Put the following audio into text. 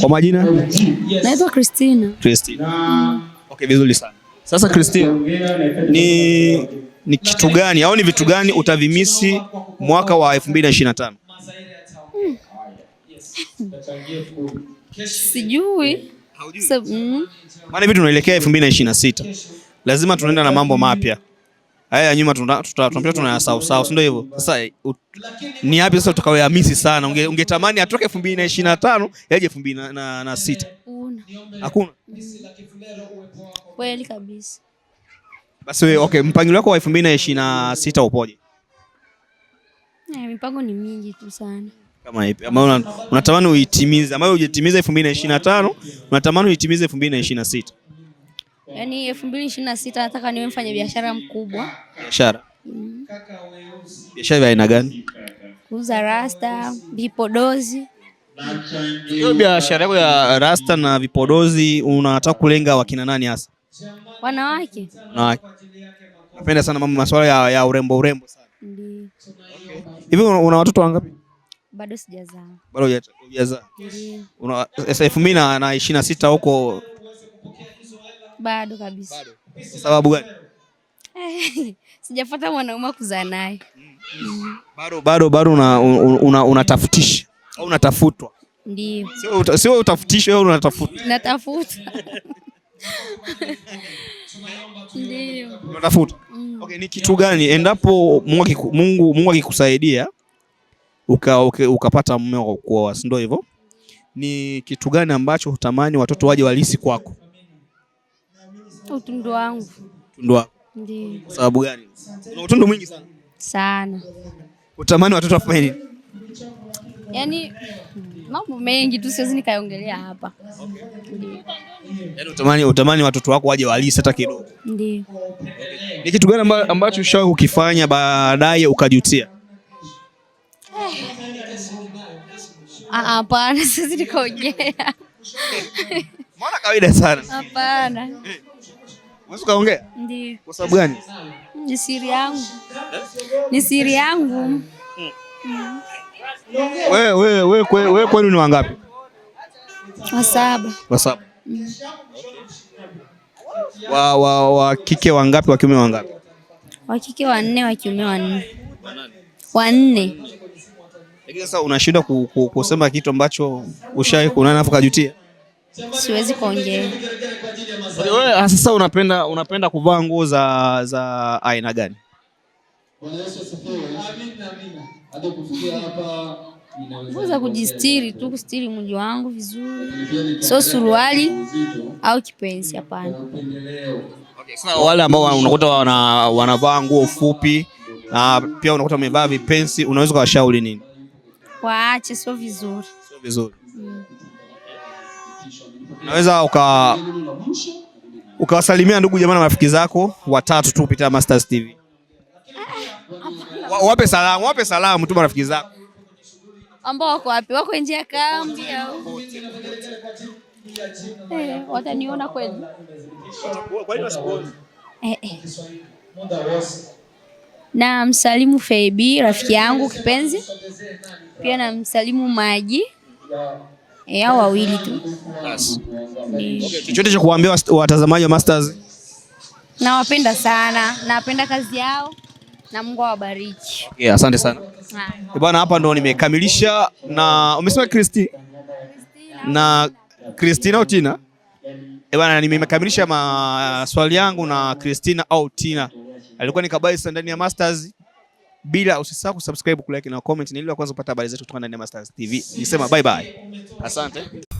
Kwa majina naitwa Christina. Christina. Mm. Okay, vizuri sana. Sasa Christina, ni ni kitu gani au ni vitu gani utavimisi mwaka wa 2025? Mm. Sijui. Maana vitu tunaelekea 2026. Lazima tunaenda na mambo mapya haya eh, ya nyuma tunaambia tuna sawa sawa, si ndio hivyo? Sasa ni yapi sasa tutakayoyamisi sana? Ungetamani unge atoke elfu mbili na ishirini na tano yaje elfu mbili na sita Hakuna mm. kweli kabisa. Basi okay, mpangilio wako wa elfu mbili na ishirini na sita upoje? Eh, mipango ni mingi tu sana kama ipi ambayo unatamani uitimize, ambayo hujatimiza elfu mbili na ishirini na tano unatamani uitimize elfu mbili na ishirini na sita yaani elfu mbili ishirini na sita nataka niwe mfanya biashara mkubwa. Biashara mm. biashara ya aina gani? Kuuza rasta, vipodozi. Hiyo biashara yako ya rasta na vipodozi unataka kulenga wakina nani hasa? Wanawake. Wanawake. Napenda sana mama masuala ya, ya urembo urembo sana. Ndio. Hivi okay. Una watoto wangapi? Bado sijazaa. Bado hujazaa. Ndio. Una elfu mbili na ishirini na sita huko bado kabisa. Kwa sababu gani? sijapata mwanaume kuzaa naye. Bado bado bado unatafutisha au unatafutwa? Ndio. Sio utafutishi wewe unatafuta. Natafuta. Ndio. Unatafuta. Mm. Okay, ni kitu gani endapo Mungu Mungu akikusaidia uka, uka, ukapata mume wa kuoa, si ndio hivyo? Ni kitu gani ambacho hutamani watoto waje walisi kwako? alafu utundu wangu. Utundu wangu Ndio. Kwa sababu gani? Una utundu mwingi sana. Sana. Utamani watoto wafanye nini? Yaani mambo mengi tu siwezi nikaongelea hapa. Okay. Yaani utamani utamani watoto wako waje walisi hata kidogo. Ndio. Okay. Ni kitu gani amba, ambacho ushawahi kukifanya baadaye ukajutia? Ah, ah, hapana, siwezi nikaongea. Mbona kawaida sana? Hapana. Eh. Unaweza kaongea? Ndio. Kwa sababu gani? Ni siri yangu. Ni siri yangu. Hmm. Wewe wewe wewe wewe kwenu ni wangapi? Wa saba. Wa saba. Hmm. Wa wa wa kike wangapi, wa kiume wangapi? Wa kike wanne, wa kiume wanne. Wanne. Lakini sasa unashindwa kusema kitu ambacho ushawahi kuonana afu kajutia? Siwezi kuongea. Wewe ah, sasa unapenda unapenda kuvaa nguo za za aina gani? Nguo za kujistiri tu, kustiri mwili wangu vizuri, sio suruali au kipensi, hapana. Okay, sasa wale ambao unakuta wana, wanavaa nguo fupi na pia unakuta wamevaa vipensi, unaweza kuwashauri nini? Waache, sio vizuri, sio vizuri mm unaweza uka ukawasalimia ndugu jamaa na marafiki zako watatu tu kupitia Masters TV. Wape salamu, wape salamu tu marafiki zako ambao wako wapi? Wako nje ya kambi au eh, wataniona kweli? Eh, eh. Na msalimu Febi rafiki yangu kipenzi, pia na msalimu Maji E, wawili tu. chochote cha kuambia watazamaji wa Masters? Nawapenda sana, napenda kazi yao na Mungu awabariki. Okay, asante sana. Eh, bwana, hapa ndo nimekamilisha na umesema Kristi na Kristina au Tina? Eh, bwana nimekamilisha maswali yangu na Kristina au Tina. Alikuwa ni kabaisa ndani ya Masters bila usisahau kusubscribe, kulike na comment, ni ili wa kwanza kupata habari zetu kutoka ndani ya Mastaz TV. Nisema bye bye, asante.